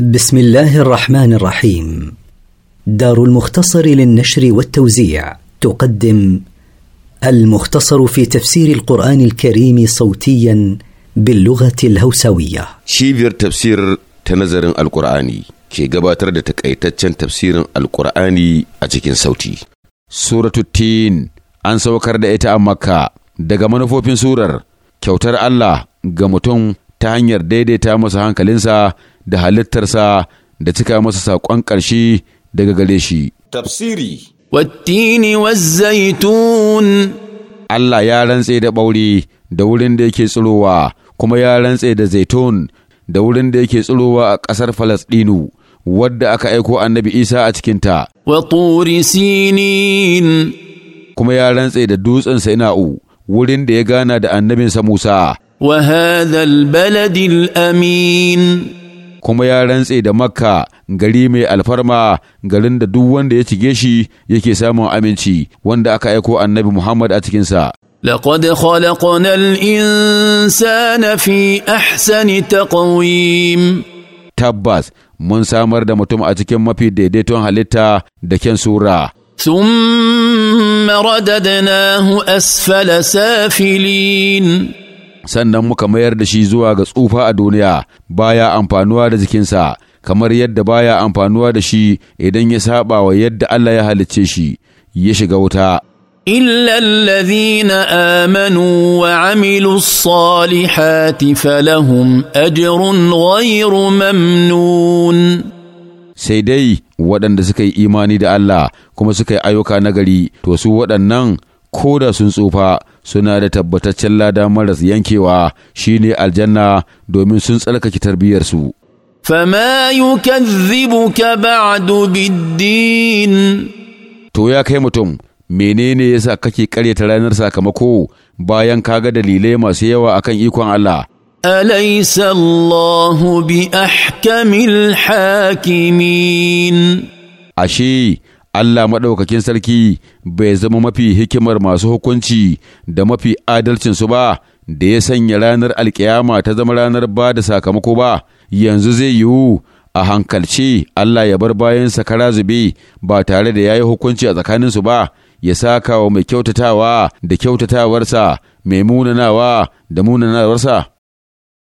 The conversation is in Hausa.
بسم الله الرحمن الرحيم دار المختصر للنشر والتوزيع تقدم المختصر في تفسير القرآن الكريم صوتيا باللغة الهوسوية شيفير تفسير تنزر القرآني كي قباتر تكأيتتشن تفسير القرآني أجيكين صوتي سورة التين أن سوكر دائتا أمكا daga manufofin surar kyautar Allah ga mutum ta hanyar daidaita masa hankalinsa da halittarsa da cika masa saƙon ƙarshe daga gare shi. Tafsiri Wattini zaitun. Allah ya rantse da ɓauri da wurin da yake tsirowa, kuma ya rantse da zaitun da wurin da yake tsirowa a ƙasar Falasɗinu, wadda aka aiko annabi Isa a cikinta. Wa sinin. Kuma ya rantse da dutsen Sina'u, wurin da ya gana da annabinsa Musa. Wa hadha al-baladi amin kuma ya rantse da makka gari mai alfarma garin da duk wanda ya cige shi yake samun aminci wanda aka aiko annabi muhammad a cikinsa لقد خلقنا الإنسان في أحسن تقويم Tabbas mun samar da mutum a cikin mafi daidaiton halitta da kyan sura. ثم رددناه asfala safilin. sannan muka mayar da shi zuwa ga tsufa a duniya baya amfanuwa da jikinsa kamar yadda baya amfanuwa da shi idan ya saba wa yadda Allah ya halicce shi ya shiga wuta إلا الذين آمنوا وعملوا الصالحات فلهم أجر غير mamnun. sai dai waɗanda suka yi imani da Allah kuma suka yi ayyuka nagari to su waɗannan ko da sun tsufa suna da tabbataccen lada maras yankewa shine aljanna domin sun tsarkake tarbiyyarsu. فما ka ba'du biddin. To ya kai mutum, menene yasa kake karyata ranar sakamako bayan kaga dalilai masu yawa akan ikon Allah? أليس bi ahkamil hakimin. Ashe. Allah maɗaukakin sarki bai zama mafi hikimar masu hukunci da mafi adalcinsu ba, da ya sanya ranar alkiyama ta zama ranar ba da sakamako ba, yanzu zai yiwu a hankalce Allah ya bar bayan sakara zube ba tare da ya yi hukunci a tsakaninsu ba, ya saka wa mai kyautatawa da kyautatawarsa, mai munanawa da munanawarsa.